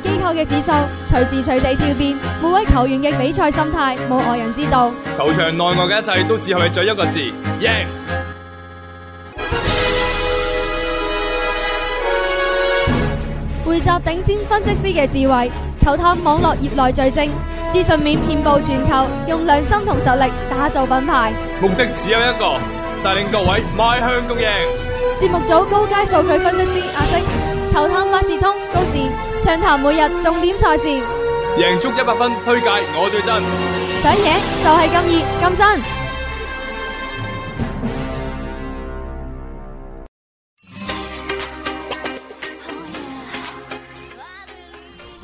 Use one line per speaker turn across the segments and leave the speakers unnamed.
機構嘅指數隨時隨地跳變，每位球員嘅比賽心態冇外人知道。球場內外嘅一切都只係在一個字：贏。
匯集頂尖分析師嘅智慧，
球探網絡業內最精，資訊面遍布全球，用良心同實力打造品牌。目的只有一個，帶領各位邁向共贏。節目組高階數據分析師阿星。透湯百事通，高戰暢談每日重點賽事，贏足一百分，推介我最真，想贏就係咁易咁
真，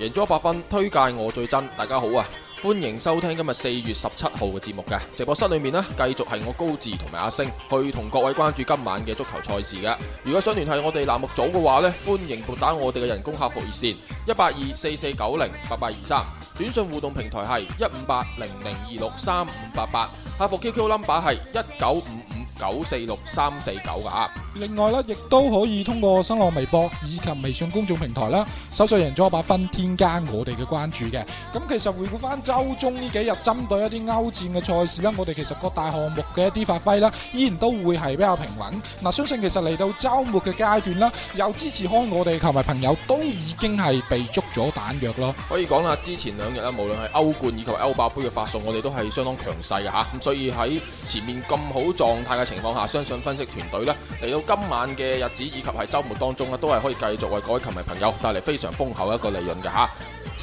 贏足一百分，推介我最真，大家好啊！歡迎收聽今日四月十七號嘅節目嘅直播室裏面呢，繼續係我高志同埋阿星去同各位關注今晚嘅足球賽事嘅。如果想聯繫我哋欄目組嘅話呢，歡迎撥打我哋嘅人工客服熱線一八二四四九零八八二三，短信互動平台係一五八零零二六三五八八，客服 QQ number 係一九五五九四六三四九噶。另外咧，亦
都可以通過新浪微博以及微信公眾平台啦，搜索贏足 100FUN，添加我哋嘅關注嘅。咁其實回顧翻周中呢幾日針對一啲歐戰嘅賽事咧，我哋其實各大項目嘅一啲發揮咧，依然都會係比較平穩。嗱，相信其實嚟到周末嘅階段啦，有支持開我哋球迷朋友都已經係被捉咗彈藥咯。
可以講啦，之前兩日咧，無論係歐冠以及歐霸杯嘅發送，我哋都係相當強勢嘅嚇。咁所以喺前面咁好狀態嘅情況下，相信分析團隊咧嚟到。今晚嘅日子以及喺周末當中啊，都係可以繼續為各位球迷朋友帶嚟非常豐厚一個利潤嘅吓。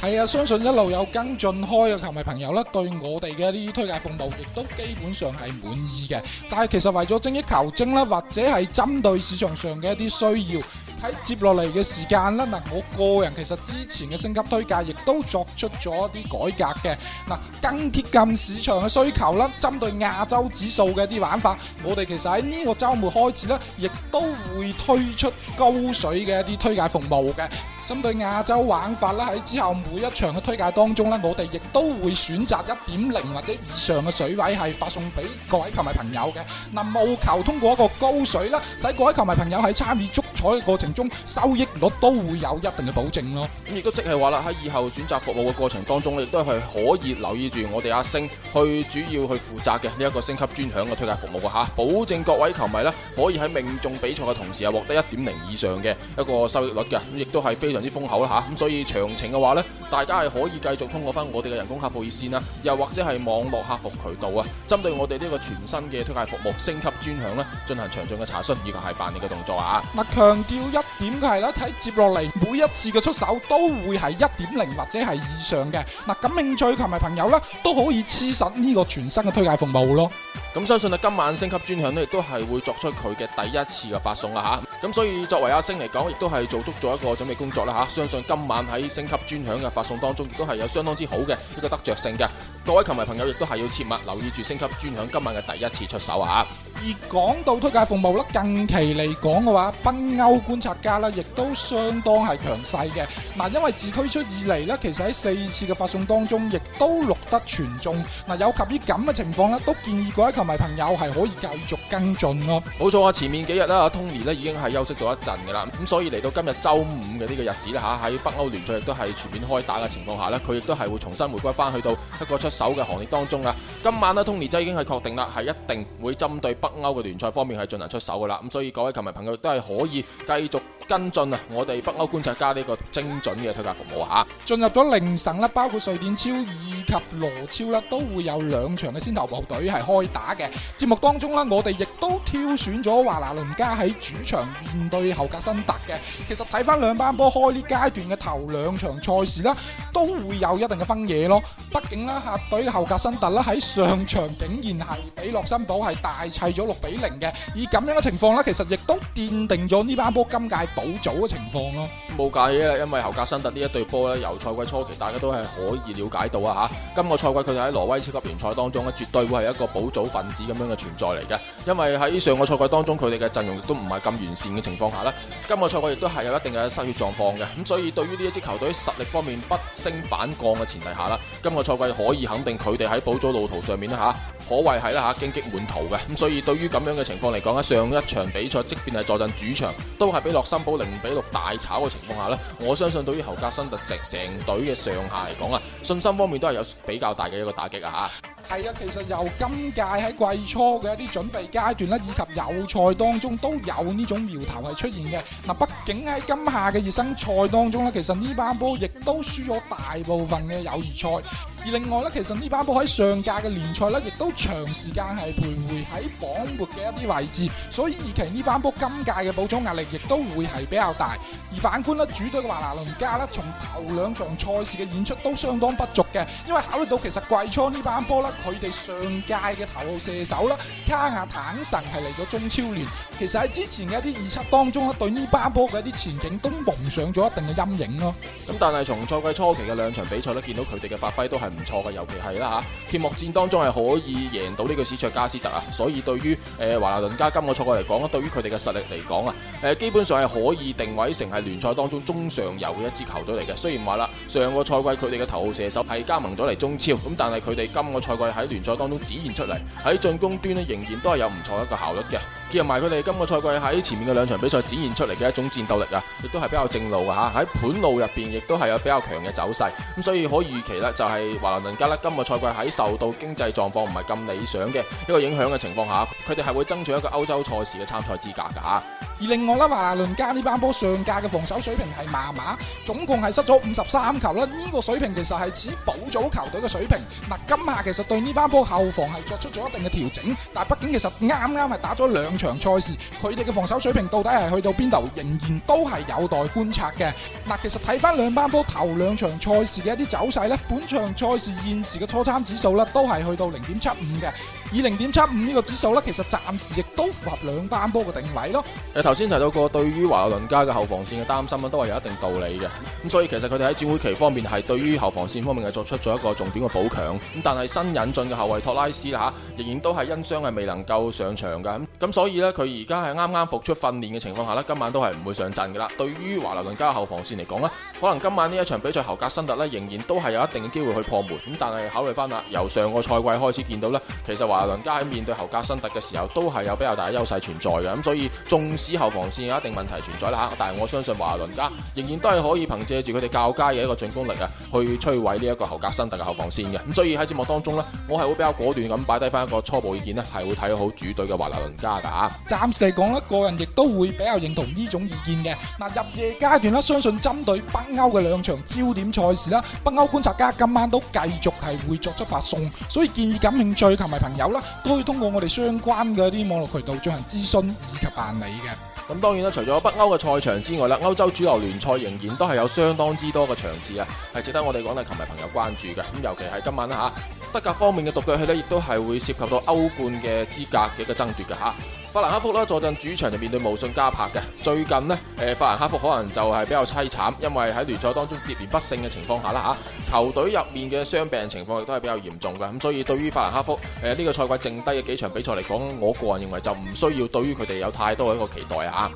係啊，相信一路有跟進開嘅球迷朋友咧，對我哋嘅一啲推介服務亦都基本上係滿意嘅。但係其實為咗精益求精啦，或者係針對市場上嘅一啲需要，喺接落嚟嘅時間啦，嗱，我個人其實之前嘅升級推介亦都作出咗一啲改革嘅，嗱，更貼近市場嘅需求啦。針對亞洲指數嘅一啲玩法，我哋其實喺呢個週末開始咧，亦都會推出高水嘅一啲推介服務嘅。針對亞洲玩法啦，喺之後每一場嘅推介當中咧，我哋亦都會選擇一點零或者以上嘅水位係發送俾各位球迷朋友嘅。嗱，務求通過一個高水啦，使各位球迷朋友喺參與足彩嘅過程中，收益率都會有一定嘅保證咯。
咁亦都即係話啦，喺以後選擇服務嘅過程當中，亦都係可以留意住我哋阿星去主要去負責嘅呢一個升級專享嘅推介服務嘅吓，保證各位球迷呢，可以喺命中比賽嘅同時啊，獲得一點零以上嘅一個收益率嘅，亦都係非常之豐厚啦吓。咁所以詳情嘅話呢，大家係可以繼續通過翻我哋嘅人工客服熱線啦，又或者係網絡客服渠道啊，針對我哋呢個全新嘅推介服務升級專享呢，進行詳盡嘅查詢以及係辦理嘅動作啊。
強調一點嘅係啦，睇接落嚟每一次嘅出手都會係一點零或者係以上嘅。嗱，感興趣嘅球迷朋友咧都可以黐實呢個全新嘅推介服務
咯。咁相信啊，今晚升級專享咧亦都係會作出佢嘅第一次嘅發送啦、啊、吓。咁所以作為阿星嚟講亦都係做足咗一個準備工作啦吓，相信今晚喺升級專享嘅發送當中，亦都係有相當之好嘅一個得着性嘅。各位球迷朋友亦都係要切勿留意住升級專享今晚嘅第一次出手啊！
而講到推介服務啦，近期嚟講嘅話北歐觀察家啦，亦都相當係強勢嘅。嗱，因為自推出以嚟咧，其實喺四次嘅發送當中，亦都錄得全中。嗱，有及於咁嘅情況咧，都建議各位球迷朋友係可以繼續跟進咯。
冇錯啊，前面幾日啦，阿 Tony o 咧已經係。休息咗一陣嘅啦，咁所以嚟到今日周五嘅呢個日子咧嚇，喺北歐聯賽亦都係全面開打嘅情況下咧，佢亦都係會重新回歸翻去到一個出手嘅行列當中啊！今晚咧，Tony 仔已經係確定啦，係一定會針對北歐嘅聯賽方面係進行出手嘅啦。咁所以各位球迷朋友都係可以繼續。跟進啊！我哋北歐觀察家呢個精準嘅推介服務啊！進入咗
凌晨啦，包括瑞典超以及挪超啦，都會有兩場嘅先頭部隊係開打嘅。節目當中我哋亦都挑選咗華拿倫加喺主場面對後格辛特嘅。其實睇翻兩班波開呢階段嘅頭兩場賽事啦。都會有一定嘅分野咯，畢竟啦，客隊後格辛特啦喺上場竟然係比洛辛堡係大砌咗六比零嘅，以咁樣嘅情況呢，其實亦都奠定咗呢班波今屆保組嘅情況咯。
冇計啊，因為後格辛特呢一隊波咧，由賽季初期大家都係可以了解到啊，吓今個賽季佢哋喺挪威超級聯賽當中咧，絕對會係一個保組分子咁樣嘅存在嚟嘅。因為喺上個賽季當中佢哋嘅陣容亦都唔係咁完善嘅情況下啦，今個賽季亦都係有一定嘅失血狀況嘅，咁所以對於呢一支球隊實力方面不。升反降嘅前提下啦，今個賽季可以肯定佢哋喺保組路途上面啦吓，可謂係啦吓，荊棘滿途嘅。咁所以對於咁樣嘅情況嚟講呢，上一場比賽，即便係坐陣主場，都係俾洛森堡零比六大炒嘅情況下呢，我相信對於侯格森特席成隊嘅上下嚟講啊，信心方面都係有比較大嘅一個打擊啊吓。
係啊，其實由今屆喺季初嘅一啲準備階段啦，以及友賽當中都有呢種苗頭係出現嘅。嗱，畢竟喺今夏嘅熱身賽當中咧，其實呢班波亦都輸咗大部分嘅友誼賽。而另外咧，其實呢班波喺上屆嘅聯賽呢，亦都長時間係徘徊喺榜末嘅一啲位置，所以預期呢班波今屆嘅補充壓力亦都會係比較大。而反觀咧，主隊嘅華拿倫加呢，從頭兩場賽事嘅演出都相當不俗嘅，因為考慮到其實季初呢班波呢，佢哋上屆嘅頭號射手啦，卡亞坦神係嚟咗中超聯，其實喺之前嘅一啲預測當中
咧，對呢班波嘅一啲前景都蒙上咗一定嘅陰影咯。咁但係從賽季初期嘅兩場比賽呢，見到佢哋嘅發揮都係。唔錯嘅，尤其係啦吓，揭幕戰當中係可以贏到呢個史卓加斯特啊，所以對於誒華納加今個賽季嚟講，對於佢哋嘅實力嚟講啊，誒、呃、基本上係可以定位成係聯賽當中中上游嘅一支球隊嚟嘅。雖然話啦，上個賽季佢哋嘅頭號射手係加盟咗嚟中超，咁但係佢哋今個賽季喺聯賽當中展現出嚟喺進攻端呢，仍然都係有唔錯一個效率嘅。結合埋佢哋今個賽季喺前面嘅兩場比賽展現出嚟嘅一種戰鬥力啊，亦都係比較正路嘅吓，喺盤路入邊亦都係有比較強嘅走勢，咁所以可以預期咧，就係華倫加咧今個賽季喺受到經濟狀況唔係咁理想嘅一個影響嘅情況下，佢哋係會爭取一個歐洲賽事嘅參賽資格嘅吓。而另外咧，華
倫加呢班波上架嘅防守水平係麻麻，總共係失咗五十三球啦，呢個水平其實係只保組球隊嘅水平。嗱，今夏其實對呢班波後防係作出咗一定嘅調整，但係畢竟其實啱啱係打咗兩場賽事佢哋嘅防守水平到底係去到邊度，仍然都係有待觀察嘅。嗱，其實睇翻兩班波頭兩場賽事嘅一啲走勢咧，本場賽事現時嘅初參指數咧，都係去到零點七五嘅。以零
點七五呢個指數呢，其實暫時亦都符合兩班波嘅定位咯。你頭先提到過，對於華倫加嘅後防線嘅擔心咧，都係有一定道理嘅。咁、嗯、所以其實佢哋喺轉會期方面係對於後防線方面係作出咗一個重點嘅補強。咁、嗯、但係新引進嘅後衛托拉斯吓、啊，仍然都係因傷係未能夠上場嘅。咁咁所以咧，佢而家係啱啱復出訓練嘅情況下咧，今晚都係唔會上陣噶啦。對於華倫加後防線嚟講呢可能今晚呢一場比賽侯格森特咧仍然都係有一定嘅機會去破門咁。但係考慮翻啦，由上個賽季開始見到咧，其實華倫加喺面對侯格森特嘅時候都係有比較大嘅優勢存在嘅。咁，所以縱使後防線有一定問題存在啦嚇，但係我相信華倫加仍然都係可以憑借住佢哋較佳嘅一個進攻力啊，去摧毀呢一個侯格森特嘅後防線嘅。咁，所以喺節目當中咧，我係會比較果斷咁擺低翻一個初步意見咧，係會睇好主隊嘅華倫加噶，嚇。
暫時嚟講咧，個人亦都會比較認同呢種意見嘅嗱，入夜階段咧，相信針對。北北歐嘅兩場焦點賽事啦，北歐觀察家今晚都繼續係會作出發送，所以建議感興趣球迷朋友啦，都可以通過我哋相關嘅啲網絡渠道進行諮詢以及辦
理嘅。咁當然啦，除咗北歐嘅賽場之外啦，歐洲主流聯賽仍然都係有相當之多嘅場次啊，係值得我哋講嚟、球迷朋友關注嘅。咁尤其係今晚吓，德甲方面嘅獨腳戲咧，亦都係會涉及到歐冠嘅資格嘅一個爭奪嘅吓。法蘭克福啦，坐鎮主場就面對慕遜加柏嘅。最近呢誒，法蘭克福可能就係比較淒慘，因為喺聯賽當中接連不勝嘅情況下啦吓，球隊入面嘅傷病情況亦都係比較嚴重嘅。咁所以對於法蘭克福誒呢個賽季剩低嘅幾場比賽嚟講，我個人認為就唔需要對於佢哋有太多嘅一個期待啊。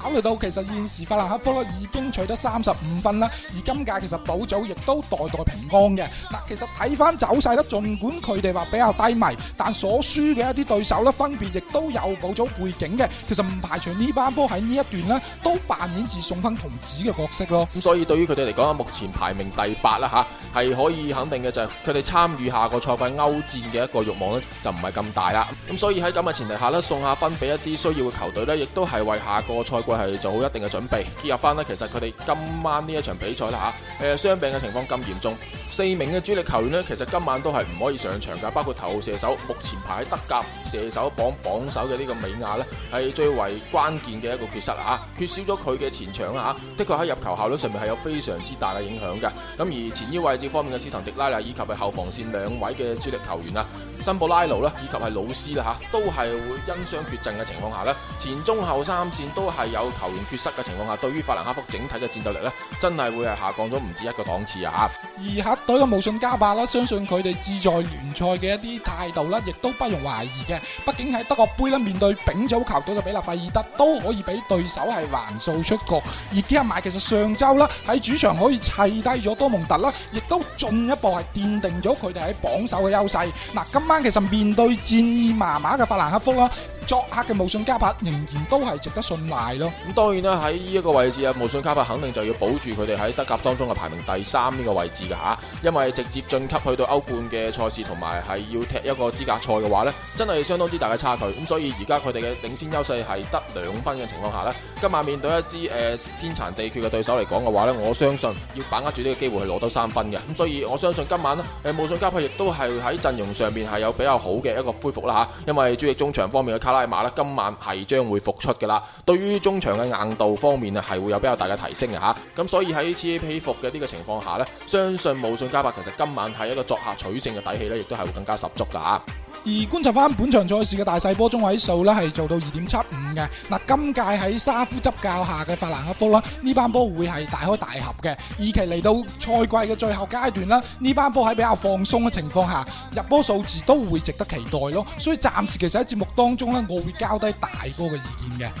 考慮
到其實現時法蘭克福咧已經取得三十五分啦，而今屆其實保組亦都代代平安嘅。嗱，其實睇翻走勢咧，儘管佢哋話比較低迷，但所輸嘅一啲對手咧，分別亦都有保組背景嘅。其實唔排除呢班波喺呢一段咧
都扮演住送分童子嘅角色咯。咁所以對於佢哋嚟講，目前排名第八啦嚇，係可以肯定嘅就係佢哋參與下個賽季歐戰嘅一個慾望咧就唔係咁大啦。咁所以喺咁嘅前提下咧，送下分俾一啲需要嘅球隊咧，亦都係為下個賽。係做好一定嘅準備，結合翻呢。其實佢哋今晚呢一場比賽咧吓，誒、啊、傷、啊、病嘅情況咁嚴重，四名嘅主力球員呢，其實今晚都係唔可以上場噶，包括頭號射手目前排喺德甲射手榜榜首嘅呢個美亞呢，係最為關鍵嘅一個缺失啊，缺少咗佢嘅前場啊，的確喺入球效率上面係有非常之大嘅影響嘅。咁、啊、而前腰位置方面嘅斯滕迪拉啦，以及係後防線兩位嘅主力球員啊，辛布拉魯啦，以及係魯斯啦吓，都係會因傷缺陣嘅情況下呢，前中後三線都係有有球員缺失嘅情況下，對於法蘭克福整體嘅戰鬥力呢，真係會係下降咗唔止一個檔次啊！而
客隊嘅慕遜加霸啦，相信佢哋志在聯賽嘅一啲態度咧，亦都不容懷疑嘅。畢竟喺德國杯呢，面對丙組球隊嘅比勒費爾德，都可以俾對手係還數出局。而加埋，其實上周啦喺主場可以砌低咗多蒙特啦，亦都進一步係奠定咗佢哋喺榜首嘅優勢。嗱，今晚其實面對戰意麻麻嘅法蘭克福啦。作客嘅無信加柏仍然都係值得信賴咯。咁
當然啦，喺呢一個位置啊，無信加柏肯定就要保住佢哋喺德甲當中嘅排名第三呢個位置嘅吓，因為直接晉級去到歐冠嘅賽事同埋係要踢一個資格賽嘅話咧，真係相當之大嘅差距。咁所以而家佢哋嘅領先優勢係得兩分嘅情況下咧，今晚面對一支誒、呃、天殘地缺嘅對手嚟講嘅話咧，我相信要把握住呢個機會去攞到三分嘅。咁所以我相信今晚咧，誒、呃、無信加柏亦都係喺陣容上面係有比較好嘅一個恢復啦吓，因為主力中場方面嘅卡拉馬啦，今晚係將會復出噶啦。對於中場嘅硬度方面啊，係會有比較大嘅提升嘅吓。咁所以喺此起彼伏嘅呢個情況下咧，相信無信加柏其實今晚係一個作客取勝嘅底氣咧，亦都係會更加十足噶吓。
而觀察翻本場賽事嘅大細波中位數呢係做到二點七。嗱，今屆喺沙夫執教下嘅法蘭克福啦，呢班波會係大開大合嘅。以期嚟到賽季嘅最後階段啦，呢班波喺比較放鬆嘅情況下，入波數字都會值得期待咯。所以暫時其實喺節目當中呢，我會交低大波嘅意見
嘅。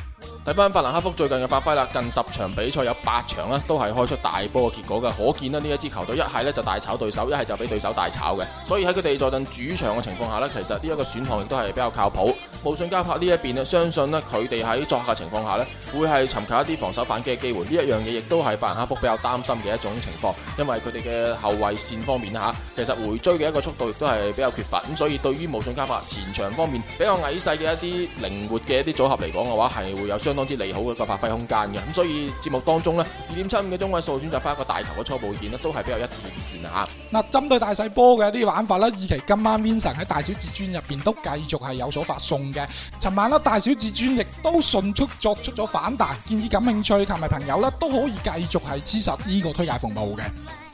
睇返法蘭克福最近嘅發揮啦，近十場比賽有八場呢都係開出大波嘅結果嘅，可見呢，呢一支球隊一係呢就大炒對手，一係就俾對手大炒嘅。所以喺佢哋坐陣主場嘅情況下呢，其實呢一個選項亦都係比較靠譜。無信加柏呢一邊咧，相信咧佢哋喺作客嘅情況下咧，會係尋求一啲防守反擊嘅機會。呢一樣嘢亦都係法蘭克福比較擔心嘅一種情況，因為佢哋嘅後衛線方面啊，其實回追嘅一個速度亦都係比較缺乏。咁所以對於無信加柏前場方面比較矮細嘅一啲靈活嘅一啲組合嚟講嘅話，係會有相當之利好嘅一個發揮空間嘅。咁所以節目當中呢二點七五嘅中位數選擇翻一個大球嘅初步建議都係比較一致嘅意見啊。
嗱，針對大細波嘅一啲玩法咧，尤其今晚 Vincent 喺大小至尊入邊都繼續係有所發送。嘅，尋晚啦，大小至尊亦都迅速作出咗反彈。建議感興趣及埋朋友啦都可以繼續係支持呢個推介服務嘅。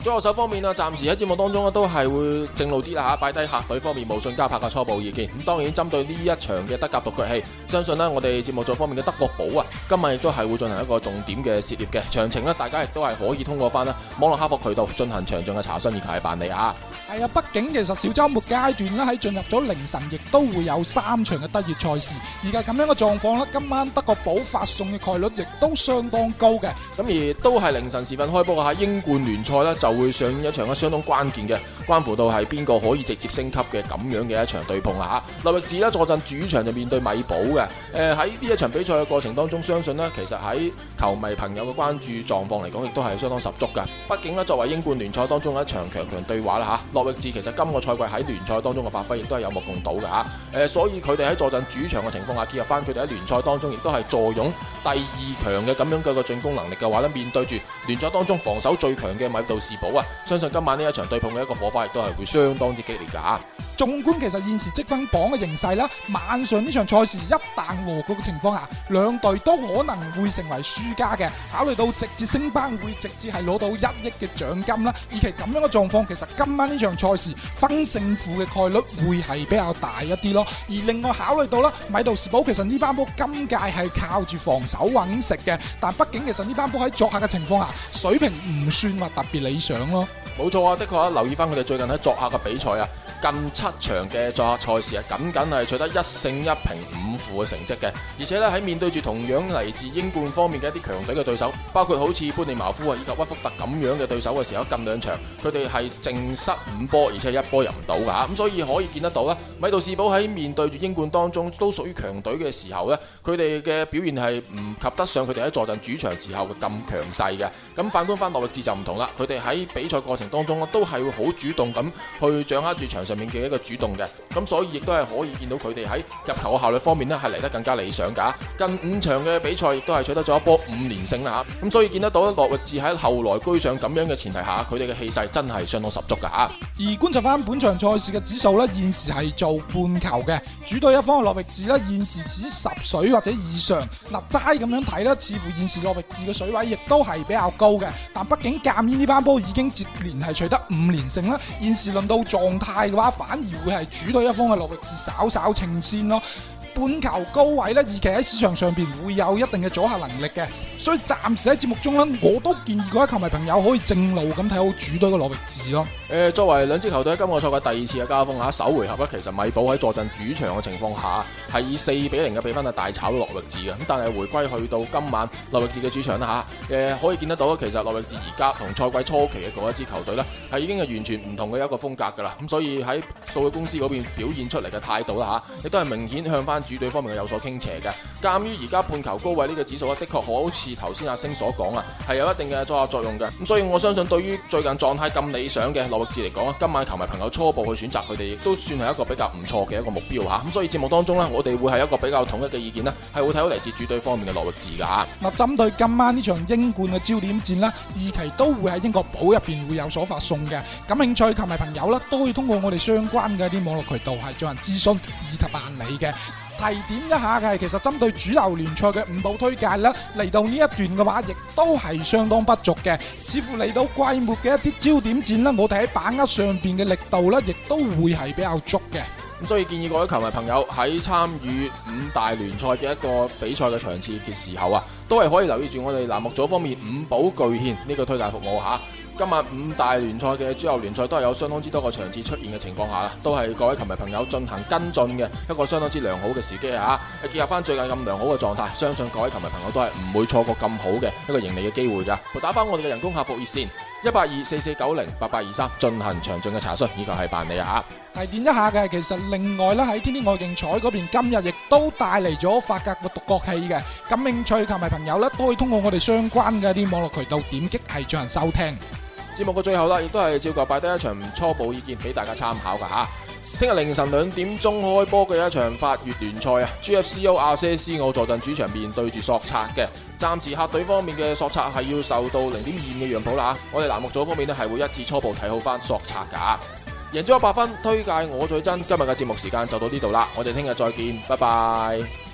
左手方面啊，暫時喺節目當中啊都係會正路啲啦吓，擺低客隊方面無信加拍嘅初步意見。咁當然，針對呢一場嘅德甲獨角戲，相信咧我哋節目組方面嘅德國寶啊，今晚亦都係會進行一個重點嘅涉獵嘅。詳情咧，大家亦都係可以通過翻啦網絡客服渠道進行詳盡嘅查詢以及係辦理是啊。
係啊，畢竟其實小周末階段咧喺進入咗凌晨，亦都會有三場嘅德乙賽事。而家咁樣嘅狀況咧，今晚德國寶發送嘅概率亦都相
當高嘅。咁而都係凌晨時分開播嘅吓，英冠聯賽咧就。會上演一場相當關鍵的關乎到係邊個可以直接升級嘅咁樣嘅一場對碰啦嚇！諾域治咧坐鎮主場就面對米堡嘅，誒喺呢一場比賽嘅過程當中，相信呢其實喺球迷朋友嘅關注狀況嚟講，亦都係相當十足嘅。畢竟呢，作為英冠聯賽當中嘅一場強強對話啦嚇，諾域治其實今個賽季喺聯賽當中嘅發揮亦都係有目共睹嘅嚇，誒、啊、所以佢哋喺坐鎮主場嘅情況下，結合翻佢哋喺聯賽當中亦都係坐擁第二強嘅咁樣嘅個進攻能力嘅話呢，面對住聯賽當中防守最強嘅米杜士堡啊，相信今晚呢一場對碰嘅一個火都係會相當之激烈噶吓。
縱觀其實現時積分榜嘅形勢啦，晚上呢場賽事一旦和局嘅情況下，兩隊都可能會成為輸家嘅。考慮到直接升班會直接係攞到一億嘅獎金啦，以其咁樣嘅狀況，其實今晚呢場賽事分勝負嘅概率會係比較大一啲咯。而另外考慮到啦，米杜士堡其實呢班波今屆係靠住防守穩食嘅，但畢竟其實呢班波喺作客嘅情況下，水平唔算話特別理想咯。
冇錯啊，的確啊，留意返佢哋。最近喺作客嘅比賽啊。近七場嘅作客賽事啊，僅僅係取得一勝一平五負嘅成績嘅，而且咧喺面對住同樣嚟自英冠方面嘅一啲強隊嘅對手，包括好似潘尼茅夫啊以及屈福特咁樣嘅對手嘅時候，近兩場佢哋係淨失五波，而且一波入唔到嘅嚇，咁所以可以見得到啦，米杜士堡喺面對住英冠當中都屬於強隊嘅時候咧，佢哋嘅表現係唔及得上佢哋喺坐鎮主場時候嘅咁強勢嘅。咁反觀翻諾力治就唔同啦，佢哋喺比賽過程當中咧都係會好主動咁去掌握住場。上面嘅一個主動嘅。咁所以亦都係可以見到佢哋喺入球嘅效率方面咧，係嚟得更加理想噶。近五場嘅比賽亦都係取得咗一波五連勝啦，吓咁所以見得到洛域治喺後來居上咁樣嘅前提下，佢哋嘅氣勢真係相當十足噶吓。
而觀察翻本場賽事嘅指數咧，現時係做半球嘅，主隊一方嘅洛域治啦，現時只十水或者以上。嗱、啊，齋咁樣睇咧，似乎現時洛域治嘅水位亦都係比較高嘅，但畢竟鑑於呢班波已經接連係取得五連勝啦，現時論到狀態。話反而會係主隊一方嘅諾域治稍稍呈線咯，半球高位呢，預期喺市場上邊會有一定嘅阻嚇能力嘅，所以暫時喺節目中呢，我都建議各位球迷朋友可以正路咁睇好主隊嘅諾域治
咯。誒，作為兩支球隊今個賽季第二次嘅交鋒吓，首回合咧，其實米堡喺坐鎮主場嘅情況下，係以四比零嘅比分啊大炒諾域治嘅，咁但係回歸去到今晚諾域治嘅主場啦吓，誒、呃、可以見得到其實諾域治而家同賽季初期嘅嗰一支球隊咧，係已經係完全唔同嘅一個風格㗎啦，咁所以喺數據公司嗰邊表現出嚟嘅態度啦嚇，亦都係明顯向翻主隊方面嘅有所傾斜嘅。鑑於而家半球高位呢個指數咧，的確好似頭先阿星所講啊，係有一定嘅阻壓作用嘅。咁所以我相信對於最近狀態咁理想嘅羅玉智嚟講啊，今晚球迷朋友初步去選擇佢哋，亦都算係一個比較唔錯嘅一個目標吓，咁所以節目當中呢，我哋會係一個比較統一嘅意見咧，係會睇到嚟自主隊方面嘅羅玉智嘅嚇。
嗱，針對今晚呢場英冠嘅焦點戰啦，二期都會喺英國寶入邊會有所發送。嘅感興趣球迷朋友呢，都可以通過我哋相關嘅一啲網絡渠道係進行諮詢以及辦理嘅。提點一下嘅，其實針對主流聯賽嘅五保推介咧，嚟到呢一段嘅話，亦都係相當不俗嘅。似乎嚟到季末嘅一啲焦點戰啦，我哋喺把握上邊嘅力度咧，亦都會係比較足嘅。咁
所以建議各位球迷朋友喺參與五大聯賽嘅一個比賽嘅場次嘅時候啊，都係可以留意住我哋欄目組方面五保巨獻呢個推介服務吓。今日五大聯賽嘅主要聯賽都係有相當之多個場次出現嘅情況下啦，都係各位球迷朋友進行跟進嘅一個相當之良好嘅時機啊！結合翻最近咁良好嘅狀態，相信各位球迷朋友都係唔會錯過咁好嘅一個盈利嘅機會噶。我打翻我哋嘅人工客服熱線一八二四四九零八八二三進行詳盡嘅查詢以及係辦理啊！
提點一下嘅，其實另外咧喺天天外競彩嗰邊今日亦都帶嚟咗法甲國國器嘅，感興趣球迷朋友呢，都可以通過我哋相關嘅啲網絡渠道點擊係進行收聽。
節目嘅最後啦，亦都係照舊擺低一場初步意見俾大家參考嘅吓。聽日凌晨兩點鐘開波嘅一場法乙聯賽啊 GFCO 阿瑟斯奧坐鎮主場面對住索察嘅，暫時客隊方面嘅索察係要受到零點二五嘅讓步啦吓。我哋欄目組方面咧係會一致初步睇好翻索察噶。贏足 100FUN，推介我最真。今日嘅節目時間就到呢度啦，我哋聽日再見，拜拜。